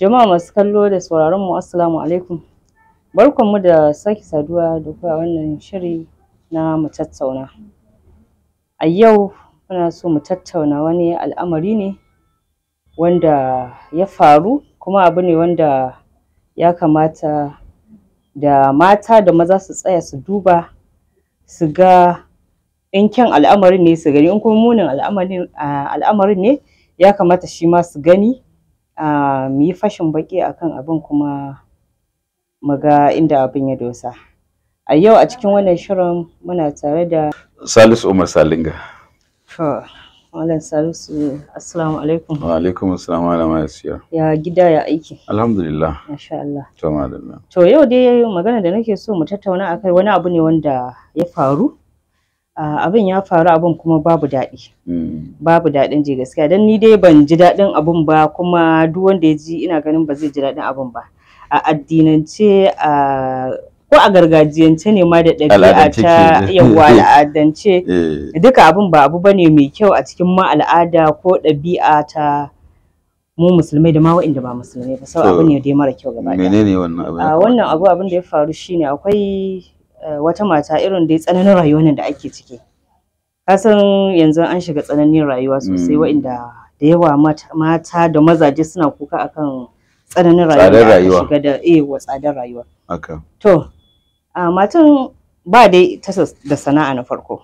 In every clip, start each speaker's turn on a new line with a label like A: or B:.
A: Jama'a masu kallo da sauraron mu assalamu alaikum. mu da sake saduwa da ku a wannan shiri na mu tattauna. A yau muna so mu tattauna wani al'amari ne wanda ya faru kuma abu ne wanda ya kamata da mata da maza su tsaya su duba su ga in kyan al'amarin ne su gani in kuma munin al'amarin ne ya kamata shi ma su gani mu yi fashin baki akan abin kuma mu ga inda abin ya dosa a yau a cikin wannan shirin muna tare da
B: salisu umar salinga
A: to malam salisu assalamu alaikum
B: wa alaikum assalam wa rahmatullahi
A: ya gida ya aiki
B: alhamdulillah masha Allah to madalla
A: to yau dai magana da nake so mu tattauna akai wani abu ne wanda ya faru abin ya faru abin kuma babu daɗi mm. babu daɗin ji gaskiya don ni dai ban ji daɗin abin ba kuma duk wanda ya ji ina ganin ba zai ji daɗin abin ba a addinance ko a gargajiyance ne ma da ɗabi'a ta yawa al'adance eh. duka abin ba abu bane mai kyau a cikin ma al'ada ko ɗabi'a ta mu musulmai da ma waɗanda ba musulmai ba sau abu ne dai mara kyau gaba ɗaya
B: menene wannan
A: wannan abu abin da ya faru shine akwai Eh, wata mata irin dai tsananin rayuwa rayuwar da ake ciki kasan yanzu an shiga tsananin rayuwa sosai mm. wa'inda da yawa mata da mazaje suna kuka akan tsananin rayuwa shiga da eh wa tsadar rayuwa to matan ba dai ta da sana'a na farko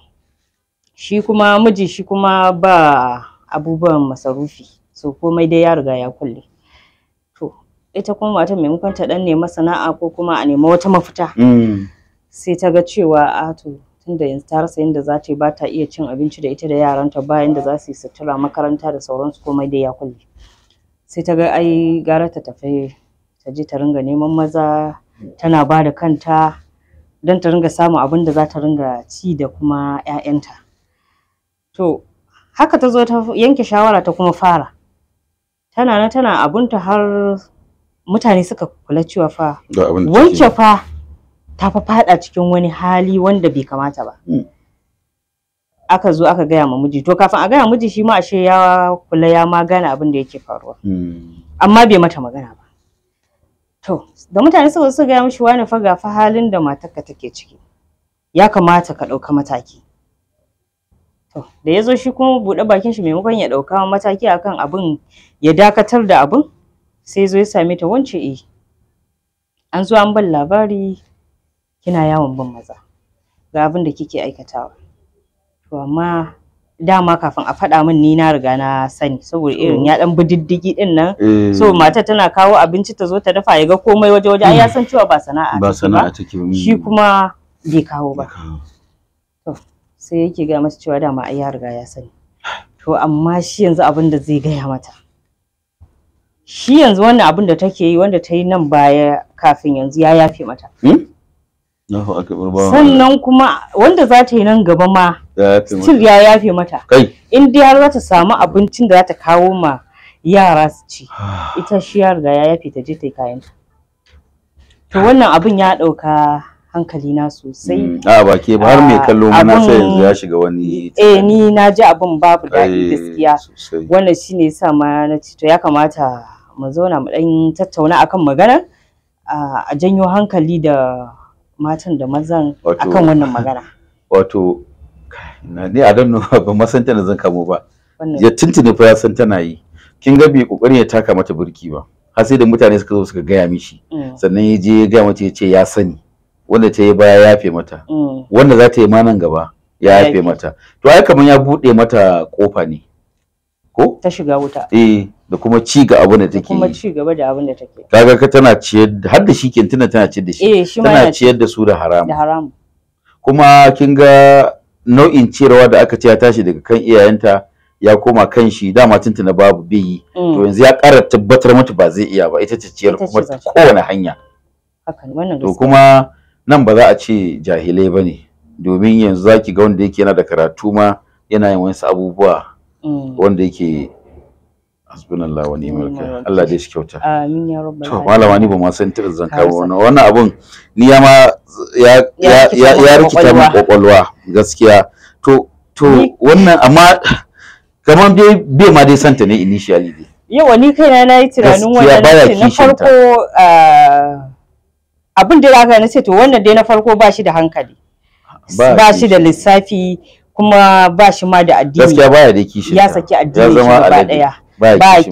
A: shi kuma miji shi kuma ba abubuwan masarufi so komai dai ya riga ya kulle to ita kuma matan maimakon ta dan nema sana'a ko kuma a nema wata mafita mm. sai ta ga cewa a to tunda yanzu ta rasa yadda za ta yi ba ta iya cin abinci da ita da yaranta ba da za su yi sutura makaranta da sauransu komai da ya kulle sai ta ga ai gara ta tafi ta je ta ringa neman maza tana ba da kanta don ta ringa samun abin da za ta ringa ci da kuma 'ya'yanta to haka ta zo ta yanke shawara ta kuma fara tana na tana abinta har mutane suka kula cewa fa
B: wance
A: fa ta fa fada cikin wani hali wanda bai kamata ba mm. aka zo aka gaya ma miji to kafin a gaya miji shi ma ashe ya kula ya ma gane abin da yake faruwa mm. amma bai mata magana ba to da mutane suka su gaya mishi wani fa fa halin da matarka take ciki ya kamata ka ɗauka mataki to da ya zo shi kuma buɗe bakin shi maimakon ya ɗauka mataki akan abin ya dakatar da abin sai zo ya same ta wance eh an zo an ban labari kina yawon bin maza ga abin da kike aikatawa to amma dama kafin a faɗa min ni na riga na sani saboda irin ya dan bididdigi din nan eh. so matar tana kawo abinci ta zo ta dafa ya ga komai waje waje ai ya san cewa ba sana'a ba sana'a
B: take mm. shi
A: kuma bai kawo ba to sai yake ga mata cewa dama ai ya riga ya sani to amma shi yanzu abin da zai gaya mata shi yanzu wannan abin da take yi wanda ta yi nan baya kafin yanzu ya yafe mata
B: hmm? sannan
A: kuma wanda za ta yi nan gaba ma still ya yafe mata in dai har za ta samu abincin da za ta kawo ma yara su ci ita shi ya riga ya yafe ta je ta yi kayan to wannan abin ya ɗauka hankali na sosai mm, a ba ke ba har mai kallo mana sai ah, yanzu ya
B: shiga wani
A: eh ni na ji abin babu daɗi eh, gaskiya wannan shine yasa ma na ci to ya kamata mu zauna mu ɗan tattauna akan maganar ah, a janyo hankali da matan da mazan akan wannan magana
B: wato na ni a dan ba masanta san zan kamo ba ya tuntuni fa ya san tana yi kin ga bai kokarin ya taka mata burki ba har sai da mutane suka zo suka gaya mishi mm. sannan ya je ya gaya mata ya ce ya sani wanda ta yi baya ya yafe mata mm. wanda za ta yi ma nan gaba ya yafe mata to ai kamar ya buɗe mata kofa ne ko
A: ta shiga wuta
B: eh da kuma ci ga abin da take kuma
A: ci gaba da abin da take
B: kaga ka tana ciyar har da shi kentina tana ciyar da shi
A: eh, tana
B: ciyar da su da haramu da haramu kuma kin ga nau'in ciyarwa da aka ce ya tashi daga kan iyayenta ya koma kan shi dama tuntuna babu yi. Mm. to yanzu ya ƙara tabbatar mata ba zai iya ba ita ce ciyar kuma kowane hanya to kuma nan ba za a ce jahilai ba ne domin yanzu za ki ga wanda yake yana da karatu ma yana yin wasu abubuwa mm. wanda yake hasbunallah wa ni'mal wakil Allah dai shi kyauta
A: amin ya rabbal alamin to malama ni ba
B: ma san tirin zan kawo wannan wannan abun ni ya ma ya ya ya rikita min kokolwa gaskiya to to wannan amma kamar dai bai ma dai santa ne initially dai
A: yawa ni kaina na yi tunanin wannan na farko ah, abin da zaka na ce to wannan dai na farko ba shi da hankali ba shi da lissafi kuma ba shi ma da addini gaskiya baya da kishi ya saki addini shi gaba daya ba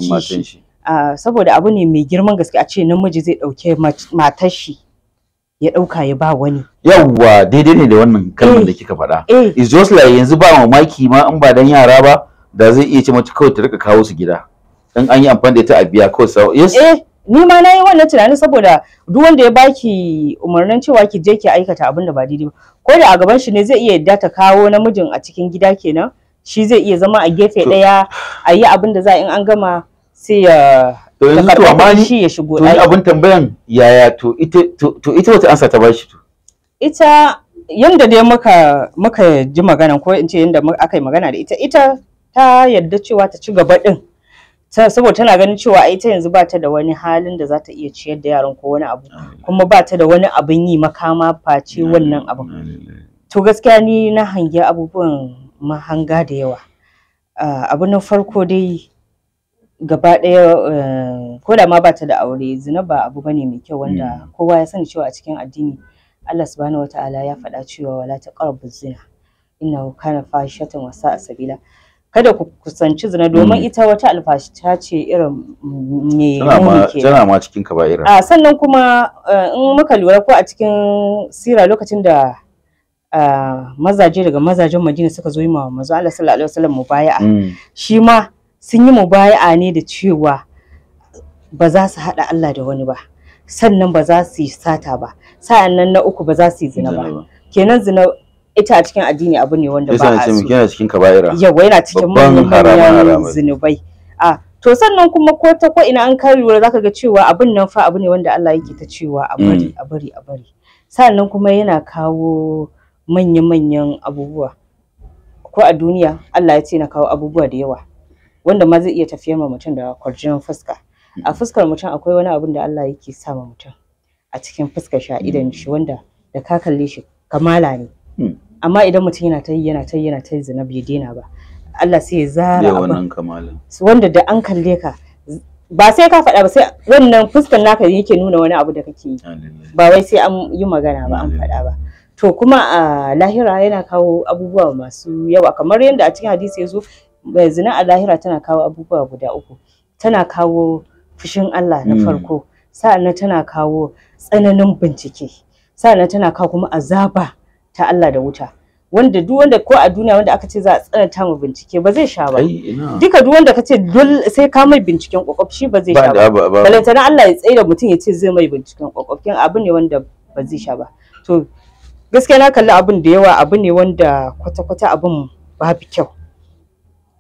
A: ah, saboda abu ne mai girman gaske a ce namiji zai dauke matar shi ya dauka ya ba wani
B: yawwa daidai ne da wannan kalmar eh. da kika faɗa eh. Is just like yanzu ba mamaki ma in ba dan yara ba da zai iya ce mace kawai ta rika kawo su gida dan an yi amfani da ita a biya kawai sau yes eh,
A: ni ma na yi wannan tunanin saboda duk wanda ya baki umarnin cewa ki je ki aikata abin da ba daidai ba ko da a gaban shi ne zai iya yadda ta kawo namijin a cikin gida kenan shi zai iya zama a gefe daya a yi abin da za in an gama sai ya to yanzu to amma ya shigo to abin
B: tambayan yaya to ita to ita wata ansa ta bashi to
A: ita yanda dai muka muka ji magana ko in ce yanda aka yi magana da ita ita ta yarda cewa ta ci gaba din saboda tana ganin cewa ita yanzu ba ta da wani halin da za ta iya ciyar da yaran ko wani abu kuma ba ta da wani abin yi makama face wannan abin to gaskiya ni na hangi abubuwan mahanga da yawa Ah, abu na farko dai gaba ɗaya eh, ko da ma bata da aure zina ba abu bane mai kyau wanda hmm. kowa ya sani cewa a cikin addini Allah subhanahu wataala ya faɗa cewa wala taqrabu zina inna kana fashatan wa sa'a sabila kada ku kusanci zina domin hmm. ita wata ta ce irin me tana
B: ma cikin ka a
A: sannan kuma eh, in muka lura ko a cikin sira lokacin da mazaje daga mazajen Madina suka zo yi ma manzo Allah sallallahu alaihi wasallam mubaya'a mm. shi ma sun yi mubaya'a ne da cewa ba za su haɗa Allah da wani ba sannan ba za su yi sata ba sa'annan na uku ba za su yi zina ba kenan zina ita a cikin addini abu ne wanda ba a so yana
B: cikin kaba'ira yawa
A: yana cikin manyan zinubai a to sannan kuma ko ta ko ina an kai lura zaka ga cewa abin nan fa abu ne wanda Allah yake ta cewa a bari mm. a bari a bari sannan kuma yana kawo manya-manyan abubuwa ko a duniya Allah ya ce na kawo abubuwa da yawa wanda ma zai iya tafiyar ma mutum da kwarjin fuska a fuskar mutum akwai wani abin da Allah yake sa ma mutum a cikin fuskar shi a idan shi wanda da ka kalle shi kamala ne hmm. amma idan mutum yana ta yi yana ta yi yana ta yi zina bai daina ba Allah sai ya zara abin wanda da an kalle ka ba sai ka faɗa ba sai wannan fuskar naka yake nuna wani abu da kake yi ba wai sai an yi magana ba an faɗa ba to kuma a lahira yana kawo abubuwa masu yawa kamar yadda a cikin hadisi ya zo eh, zina a lahira tana kawo abubuwa guda uku tana kawo fushin Allah na hmm. farko sa'annan tana kawo tsananin bincike sa'annan tana kawo kuma azaba ta Allah da wuta wanda duk wanda ko a duniya wanda aka ce za a tsananta mu bincike ba zai sha ba duka duk wanda ka ce sai ka mai binciken kwakwafshi ba zai sha ba balantana Allah ya tsaye da mutum ya ce zai mai binciken kwakwafkin abu ne wanda ba zai sha ba to gaskiya na kalli abin da yawa abu ne wanda kwata-kwata abin babu kyau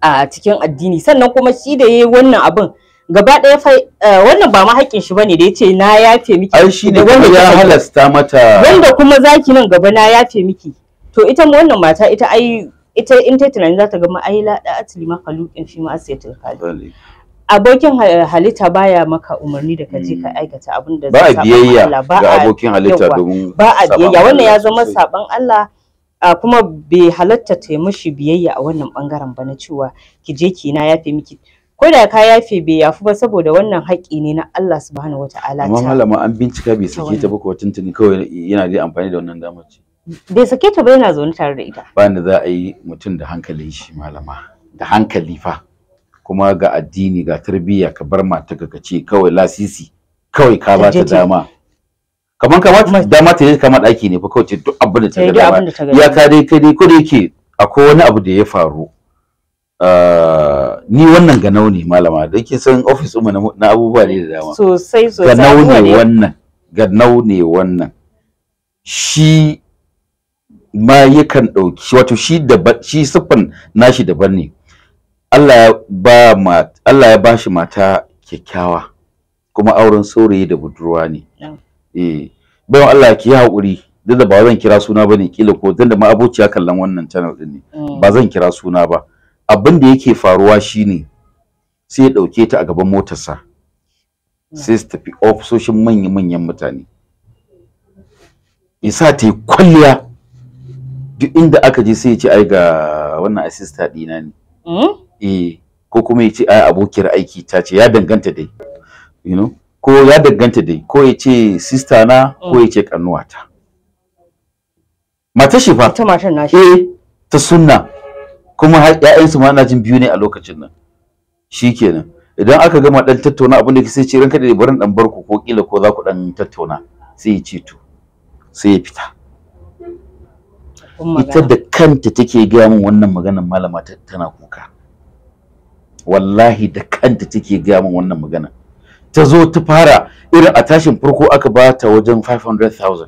A: a cikin addini sannan kuma shi da yi wannan abin gaba ɗaya fa eh, wannan ba ma haƙƙin shi bane da yace na yafe miki ai shi ne wanda ya
B: halasta mata wanda
A: kuma zaki nan gaba na yafe miki to ita wannan mata ita ai ita in ta tunani za ta ga ma'aila da atli ma in shi ma asiyatul khaliq abokin halitta baya maka umarni da ka je ka hmm. aikata abin da zai biyayya ga abokin halitta domin ba a biyayya wannan ya zama saban Allah kuma bai halatta ta mishi biyayya a wannan bangaren ba na cewa ki je ki na yafe miki ko da ka yafe bai yafu ba saboda wannan haƙƙi ne na Allah subhanahu wataala amma malama
B: an bincika bai sake ta ba ko tuntuni kawai yana da amfani da wannan damar ce
A: bai sake ta ba yana zaune tare da ita
B: ba ni za a yi mutum da hankali shi malama da hankali fa kuma ga addini ga tarbiyya ka bar mata ka ce kawai lasisi kawai ka ba ta dama kamar ta dama ta yi kama ɗaki ne fa kawai ce duk abin da ta eh, ga dama ya ka dai kai dai ko da yake akwai wani abu da ya faru ah, ni wannan ga nauni malama don kin san ofis mu na abubuwa ne da dama
A: sosai sosai ganau nauni
B: wannan ga nauni wannan shi ma yakan ɗauki wato shi da shi siffan nashi daban ne Allah ya ba Allah ya bashi mata kyakkyawa kuma auren saurayi da budurwa ne eh bayan Allah ki yi haƙuri duk da ba zan kira suna ba kila ko dan da ma abociya kallon wannan channel din ne mm. ba zan kira suna ba abin da yake faruwa shine sai ya ɗauke ta a gaban motarsa mm. sai su tafi ofisoshin manya-manyan mutane isa ta yi kwalliya duk inda aka je sai ya ce ai ga wannan asista ɗina ne mm? eh ko kuma ya ce abokiyar aiki ta ce ya danganta dai you know ko ya danganta dai ko ya ce sista na ko ya ce kannuwata Mata shi fa ta matar nashi eh ta sunna kuma su ma ana jin biyu ne a lokacin nan shikenan idan aka gama dan tattauna abin da kike sai ce ranka da barin dan barku ko kila ko za ku dan tattauna sai ya ce to sai ya fita ita da kanta take gaya min wannan maganar malama tana kuka wallahi da kanta take gaya min wannan magana ta zo ta fara irin a tashin farko aka ba ta wajen 500,000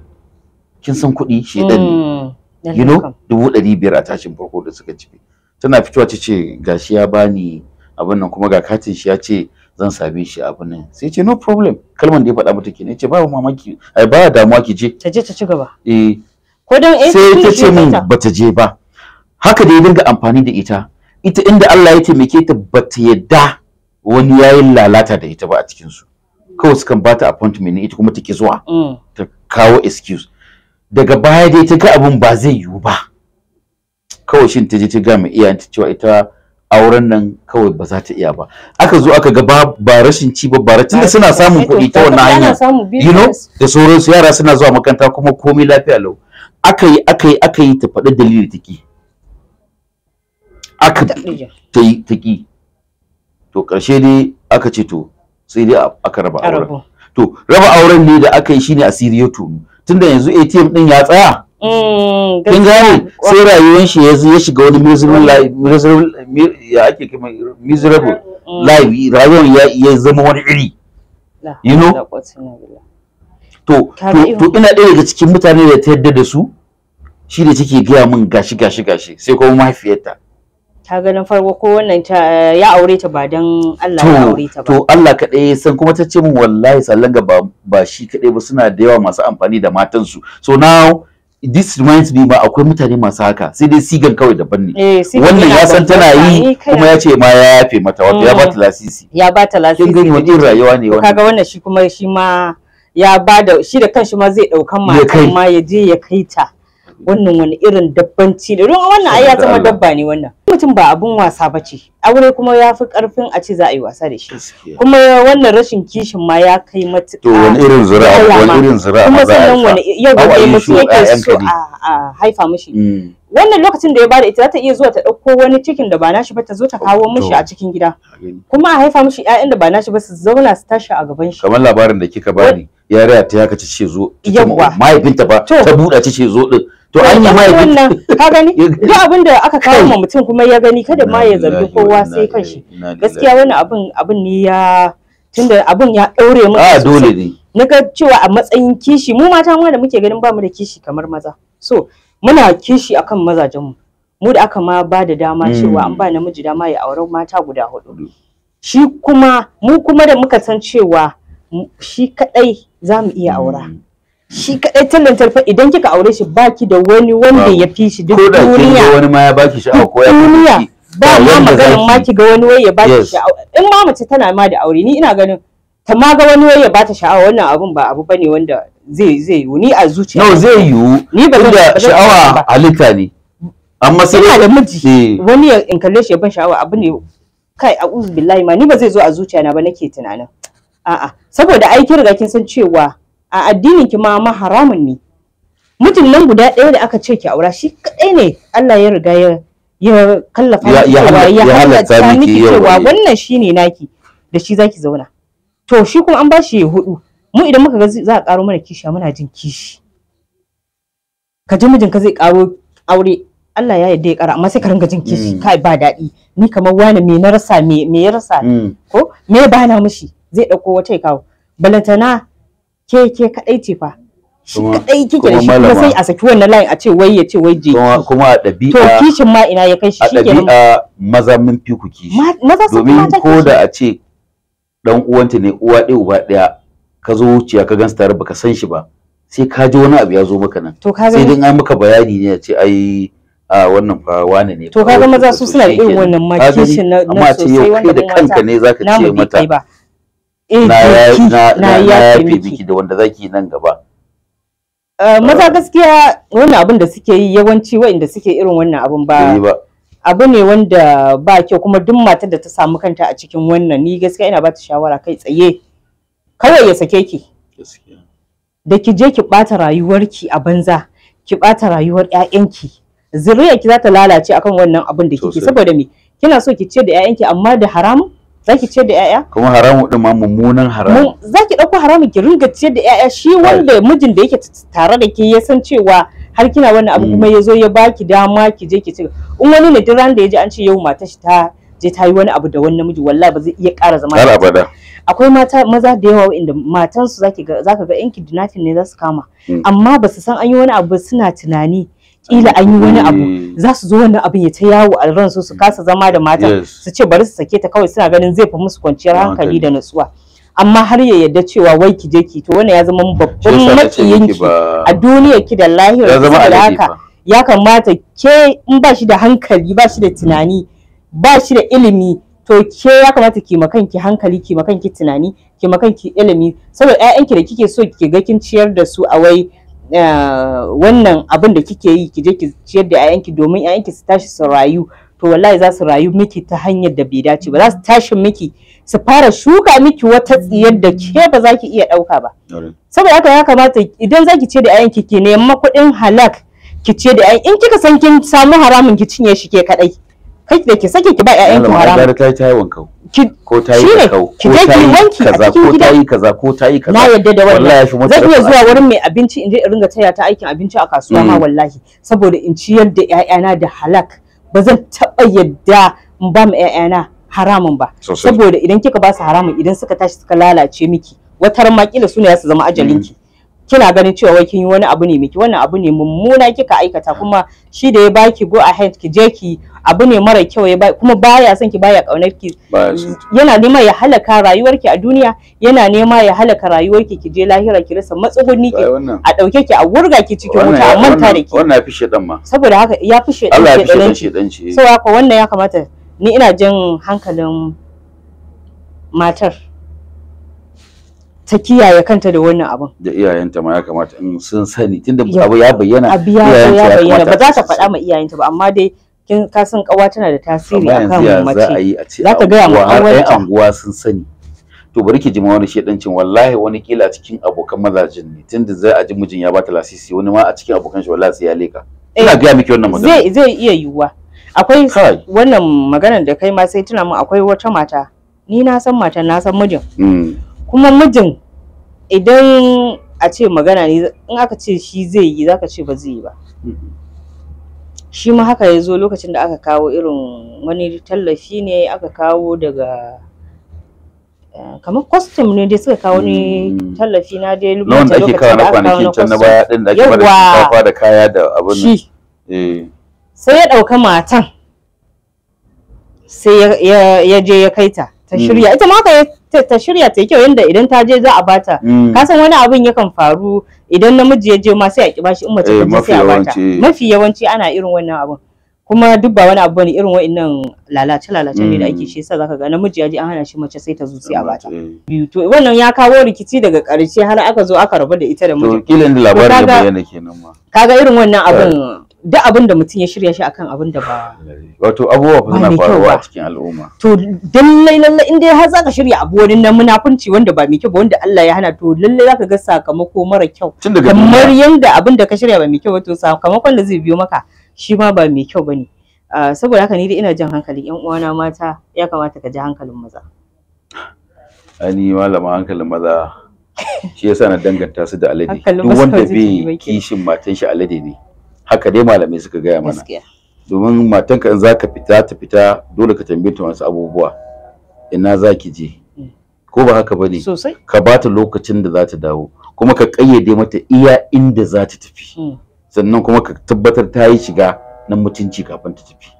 B: kin san kuɗi shedan
A: ne hmm. you know
B: dubu ɗari biyar a tashin farko da suka ci. tana fitowa ta ce shi ya bani abin nan kuma ga katin shi ya ce zan same shi abin nan sai ce no problem kalman da ya faɗa mata kenan ce ba mamaki ai ba damuwa ki je ta je ta ci gaba eh
A: ko dan sai ta ce min
B: bata je ba haka da ya dinga amfani da ita ita inda Allah ya taimake ta ba ta yadda wani yayin lalata da ita ba a cikin su kawai sukan bata appointment ita kuma take zuwa mm. ta kawo excuse daga baya dai ta ga abin ba zai yiwu ba kawai shin ta je ta ga mai iyayenta cewa ita auren nan kawai ba za ta iya ba aka zo aka ga ba rashin ci ba bara tunda suna samun kuɗi ta wannan hanya you know da sauransu yara suna zuwa makaranta kuma komai lafiya lau aka yi aka yi aka ta faɗi dalili take aka ta yi ta ki to ƙarshe dai aka ce to sai dai aka raba auren to raba auren ne da aka yi shine asiri ya tunu tunda yanzu ATM din ya tsaya
A: mm, kin gane
B: sai rayuwar shi yanzu ya shiga wani miserable mm. ya ake kuma miserable mm. life rayuwar ya zama wani iri you know to to ina ɗaya daga cikin mutane da ta yadda da su shi da take gaya min gashi gashi gashi sai kuma mahaifiyarta
A: ta ganin farko ko wannan ta eh, ya aure ta ba dan Allah ya aure ta ba to
B: Allah kadai san kuma ta ce min wallahi sallan ga ba shi kadai ba suna da yawa masu amfani da matan su so now this reminds me ba akwai mutane masu haka sai dai sigan kawai daban ne eh, wannan ya san tana yi eh, kuma ya ce ma ya yafe mata wato ya mm. bata lasisi
A: ya bata lasisi kin gani wani rayuwa ne wannan kaga wannan shi kuma shi ma ya da shi da kanshi ma zai daukan matan ma ya je ya kai ta wannan wani irin dabbanci da ruwan wannan ai ya zama dabba ne wannan mutum ba abun wasa ba ce aure kuma ya fi karfin a ce za a yi wasa da shi kuma wannan rashin kishin ma ya kai matuƙa to wani irin zura wani irin zura kuma sannan wani yau da mutum yake so a haifa mishi mm. wannan lokacin da ya bada ita za ta iya zuwa ta ɗauko wani cikin da ba nashi ba ta zo ta kawo mishi a cikin gida kuma a haifa mishi ƴaƴan da ba nashi ba su zauna su tashi a gaban shi
B: kamar labarin da kika bani yariya ta yaka ta ce zo mahaifinta ba ta buɗa ta ce zo din to an yi mai wannan ka gani duk
A: abin da aka kawo ma mutum kuma ya gani kada ma ya zabi kowa sai kanshi gaskiya wani abin abin ne ya tunda abin ya daure mu a dole ne na ga cewa a matsayin kishi mu mata ma da muke ganin bamu da kishi kamar maza so muna kishi akan mazajen mu mu da aka ma ba da dama hmm. cewa an ba namiji dama ya aure mata guda hudu shi kuma mu kuma da muka san cewa shi kadai za mu iya aura hmm. shi kadai tallan talfa idan kika aure shi baki da wani wanda ya
B: fi shi duk duniya ko da wani ma ya baki shi ko ya
A: duniya ba ma maganin ma ki ga wani waye ya baki sha'awa in ma mace tana ma da aure ni ina ganin ta ma ga wani waye ya bata sha'awa wannan abun ba abu bane wanda zai zai yiwu ni a zuciya no zai
B: yiwu ni ba da sha'awa halitta ne amma sai ina da miji eh.
A: wani ya in kalle shi ya ban sha'awa abu ne kai a uzu billahi ma ni ba zai zo a zuciya na ba nake tunanin a'a saboda ai kin riga kin san cewa a addinin ki ma haramun ne mutum nan guda ɗaya da aka ce ki aura shi kaɗai ne Allah ya riga ya ya kallafa ya halatta miki cewa wannan shine naki da shi zaki zauna to shi kuma an bashi ya hudu mu idan muka ga za a karo mana kishi muna jin kishi ka ji ka zai karo aure Allah ya yarda ya kara amma sai ka ringa jin kishi mm. kai ba daɗi ni kamar wani me na rasa me me ya rasa mm. ko me ba na mishi zai dauko wata ya kawo balantana ke ke kadai ce fa
B: shi kadai kike da shi kuma sai a
A: saki wannan line a ce wai
B: ya ce wai je kuma a dabi'a to kishin
A: ma ina ya kai shi shike a dabi'a
B: maza mun fi ku kishi
A: maza su domin ko
B: da a ce dan uwanta ne uwa ɗaya uba ɗaya ka zo wuciya ka gansu tare baka san shi ba sai ka ji wani abu ya zo maka nan sai dai an maka bayani ne a ce ai a wannan fa wane ne to kaga maza
A: su suna da irin wannan ma kishin na sosai wannan yau kai da kanka ne zaka ce mata
B: Eh, na yafe miki da wanda zaki nan gaba
A: eh, maza gaskiya wannan abin da suke yi yawanci wa'inda suke irin wannan abin ba abu ne wanda ba kyau kuma duk matar da ta samu kanta a cikin wannan ni gaskiya ina ba ta shawara kai tsaye kawai ya sake ki da ki je ki ɓata rayuwarki a banza ki bata rayuwar 'ya'yanki zuriyarki za ta lalace akan wannan abin da kike saboda me kina so ki ce da 'ya'yanki amma da haramun zaki ciyar da yaya
B: kuma haramu din ma mummunan haramu
A: zaki dauko haramu ki ringa ciyar da yaya shi wanda mijin da yake tare da ke ya san cewa har kina wannan abu kuma mm. ya zo ya baki dama ki je ki ci in wani ne duran da ya an ce yau matar shi ta je ta yi wani abu da wani namiji wallahi ba zai iya ƙara zama har abada akwai mata maza da yawa inda matan su zaki ga zaka ga yanki kidnapping ne za su kama mm. amma ba su san an yi wani abu suna tunani kila an yi wani abu mm. za su zo wannan abin ya ta yawo a ransu su mm. kasa zama da matan su ce bari su sake ta kawai suna ganin zai fi musu kwanciyar hankali da natsuwa amma har ya yarda cewa wai ki je ki to wannan ya zama babban makiyin ki a duniyar ki da lahira da haka ya kamata ke in ba shi da hankali ba shi da tunani ba shi da ilimi to ke ya kamata ki makanki hankali ki makanki tunani ki makanki ilimi saboda ƴaƴanki da kike so ki ga kin ciyar da su a wai Eh, wannan abin da kike yi ki je ki ciyar da 'ya'yanki domin 'ya'yanki su tashi su rayu to wallahi za su rayu miki ta hanyar da bai dace ba za su tashi miki su fara shuka miki wata tsiyar da ke ba za ki iya ɗauka ba saboda haka ya kamata idan za ki ciyar da 'ya'yanki ki nema kuɗin halak ki ciyar da 'ya'yan in kika san kin samu haramun ki cinye shi ke kaɗai kai da ke sake ki ba ƴaƴan ki haram Allah
B: ta ta yawan kau ko ta yi kau ko ta yi kaza ko ta yi kaza ko ta yi kaza na
A: yadda da wannan zan iya zuwa wurin mai abinci in je in ringa taya ta aikin abinci a kasuwa ma mm. wallahi saboda in ciyar da ƴaƴana da halak ba zan taɓa yadda in ba mu ƴaƴana haramun ba saboda idan kika ba su haramun idan suka tashi suka lalace miki watar ma kila su ne za su zama ajalinki kina ganin cewa wai kin yi wani abu ne miki wannan abu ne mummuna kika aikata kuma shi da ya baki go ahead ki je ki abu ne mara kyau ya kuma baya son ki baya kaunar ki yana nema ya halaka rayuwar ki a duniya yana nema ya halaka rayuwar ki ki je lahira ki rasa matsuguni ki a dauke ki a wurga ki cikin wuta a manta
B: da ki wannan ya fi shedan ma
A: saboda haka ya fi shedan Allah ya fi shedan so haka wannan ya kamata ni ina jin hankalin matar ta kiyaye kanta da wannan abun
B: da iyayenta ma ya kamata in sun sani tunda abu ya bayyana iyayenta ya bayyana ba za ta
A: faɗa ma iyayenta ba amma dai kin ka san kawa tana da tasiri akan mace
B: za ta ga mu aurenta anguwa sun sani to bari ki ji ma wani shedancin wallahi wani kila cikin abokan mazajin ne tunda zai a ji mijin ya bata lasisi wani ma a cikin abokan shi wallahi sai ya leka eh, ina ga miki wannan magana zai
A: zai iya yiwuwa akwai wannan maganar da kai ma sai tuna mu akwai wata mata ni na san mata na san mijin hmm. kuma mijin idan a ce magana ne in aka ce shi zai yi zaka ce ba zai yi ba shi ma haka ya zo lokacin da aka kawo irin wani tallafi ne aka kawo daga eh, kamar kwastam ne dai suka kawo ni mm. tallafi na dai lokacin da aka kawo na kwanakin can na baya din da ake bada shinkafa
B: da kaya da abin shi eh.
A: sai ya dauka matan sai ya je ya kai ta ta mm. shirya ita ma haka ta shirya ta kyau yanda idan ta je za a bata mm. ka san wani abin yakan faru idan namiji ya je ma sai a ki bashi in mace ta eh, sai a bata mafi yawanci ana irin wannan abin kuma duk ba wani abu ne irin wa'annan lalace lalace ne da ake mm. shi yasa zaka ga namiji ya je an hana shi mace sai ta zo sai a bata eh. biyu to wannan ya kawo rikici daga karshe har aka zo aka rabu da ita da miji to kilan labarin da bayyana kenan ma kaga irin wannan abin eh. duk abin da mutum ya shirya shi akan abin da ba
B: wato abubuwa ba suna faruwa a cikin al'umma
A: to lallai lallai in dai har zaka shirya abu wani na munafunci wanda ba mai kyau ba wanda Allah ya hana to lallai zaka ga sakamako mara kyau kamar yanda abin da ka shirya ba mai kyau ba to sakamakon da zai biyo maka shi ma ba mai kyau bane ah, saboda haka ni dai ina jan hankali yan uwana mata ya kamata ka ji hankalin maza
B: ani malama hankalin maza shi yasa na danganta su da alade duk wanda bai kishin matan shi alade ne haka dai malamai suka gaya mana domin matanka in zaka fita ta fita dole ka tambaye ta wasu abubuwa ina zaki je mm. ko ba haka ba bane ka ba ta lokacin da za ta dawo kuma ka kayyade mata iya inda za ta
A: tafi mm.
B: sannan kuma ka tabbatar ta yi shiga na mutunci kafin ta tafi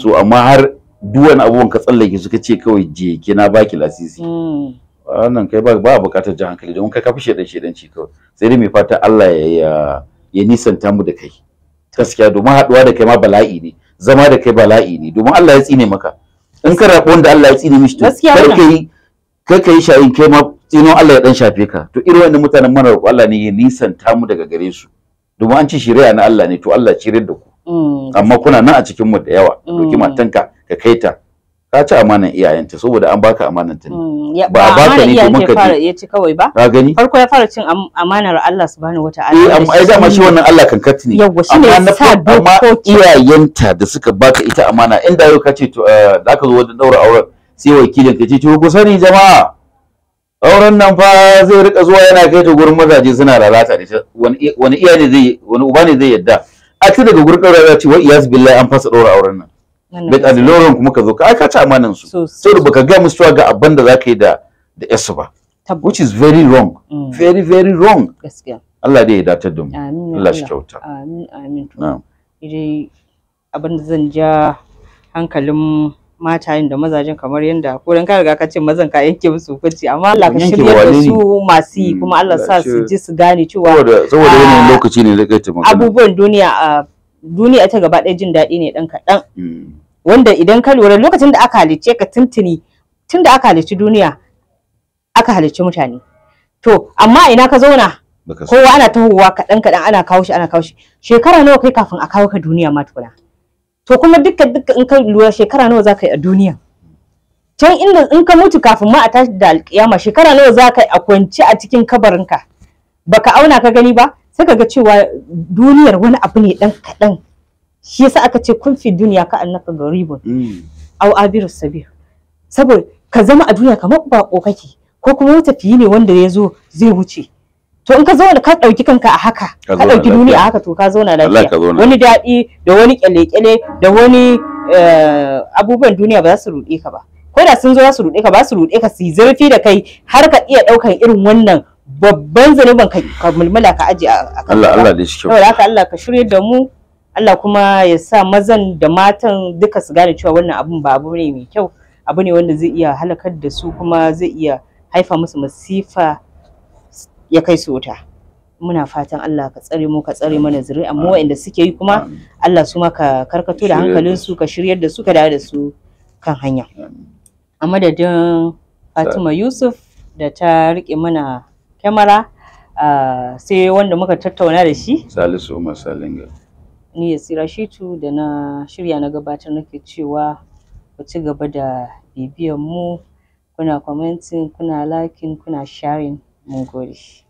B: so amma har duwan abubuwan ka tsallake suka ce kawai je ke na baki lasisi mm. wannan kai ba ba bukatar jan hankali don kai ka fi shedan shedan ci kawai sai dai mai fata Allah ya ya nisanta mu da kai gaskiya domin haɗuwa da kai ma bala'i ne zama da kai bala'i ne domin Allah ya tsine maka in ka rabu wanda Allah ya tsine mishi to kai kai kai kar shayin kai ma tsinon Allah ya dan shafe ka to irin wannan mutanen mana roƙo Allah ne ya nisanta mu daga gare su domin an ci shari'a na Allah ne to Allah ya da ku
A: mm, amma
B: kuna nan a cikin mu da yawa doki mm. matanka ka kaita ka ci amanan iyayenta saboda an baka amanan ta ne
A: hmm, ba ba ka ne domin ka ji ya ci kawai ba ka gani farko ya fara cin amanar Allah subhanahu wataala eh amma ai da ma shi wannan Allah
B: kan kati ne yawa shi ne sa dokoki iyayenta da suka baka ita amana inda yau ka ce to eh, da ka zo wajen daura auren sai wakilin ka ce to ku sani jama'a auren nan fa zai rika zuwa yana kai ta gurin mazaje suna lalata da shi wani iya ne zai wani uba ne zai yadda a ci daga gurin daura ya ce wa iyas billahi an fasa daura auren nan da lauren kuma ka zo ka aka ci amanan su saboda baka ga musu ga abin da zaka yi da da yasu ba which is very wrong mm.
A: very very wrong gaskiya
B: Allah dai ya datar da mu
A: Allah shi kyauta amin amin to idai abin da zan ja hankalin matayen da mazajen kamar yadda ko dan ka riga ka ce mazan ka yanke musu hukunci amma Allah ka shirya da su masu yi mm, kuma Allah sa su ji su gane cewa saboda
B: saboda yanayin ah, lokaci ne da kai ta magana
A: abubuwan duniya a ah, duniya ta gaba ɗaya jin daɗi ne ɗan kaɗan mm. wanda idan ka lura lokacin da aka halicce ka tuntuni tun da aka halicci duniya aka halicci mutane to amma ina ka zauna kowa ana tahowa kaɗan kaɗan ana kawo shi ana kawo shi shekara nawa kai kafin a kawo ka duniya ma tukuna to kuma duka duka in ka lura shekara nawa za ka yi a duniya can inda in ka mutu kafin ma a tashi da alƙiyama shekara nawa za ka yi a kwance a cikin kabarinka baka auna ka gani ba sai ka ga cewa duniyar wani abu ne ɗan kaɗan shi yasa aka ce kun fi duniya ka annaka garibun mm. au abiru sabir saboda ka zama a duniya kamar bako kake ko kuma matafiyi ne wanda ya zo zai wuce to in ka zauna ka ɗauki kanka a haka ka dauki duniya a haka to ka zauna lafiya wani daɗi da wani kyale-kyale da wani eh, abubuwan duniya ba za su ruɗe ka ba ko da sun zo za su ruɗe ka ba su ruɗe ka su yi zurfi da kai har ka iya ɗaukar irin wannan babban zanuban ka mulmula ka aje a kan
B: Allah Allah da shi kyau
A: Allah ka shirye da mu Allah kuma ya sa mazan da matan duka su gane cewa wannan abun ba abu ne mai kyau abu ne wanda zai iya halakar da su kuma zai iya haifa musu masifa ya kai su wuta muna fatan Allah ka tsare mu ka tsare mana zuri'a mu waɗanda suke yi kuma Allah su ma ka karkato da hankalin su ka shiryar da su ka dawo da su kan hanya a madadin Fatima Yusuf da ta rike mana kyamara ah, sai wanda muka tattauna da shi Salisu Umar Salinga ni shi Shitu da na shirya na gabatar nake cewa ku ci gaba da bibiyar mu kuna commenting kuna liking kuna sharing mun gode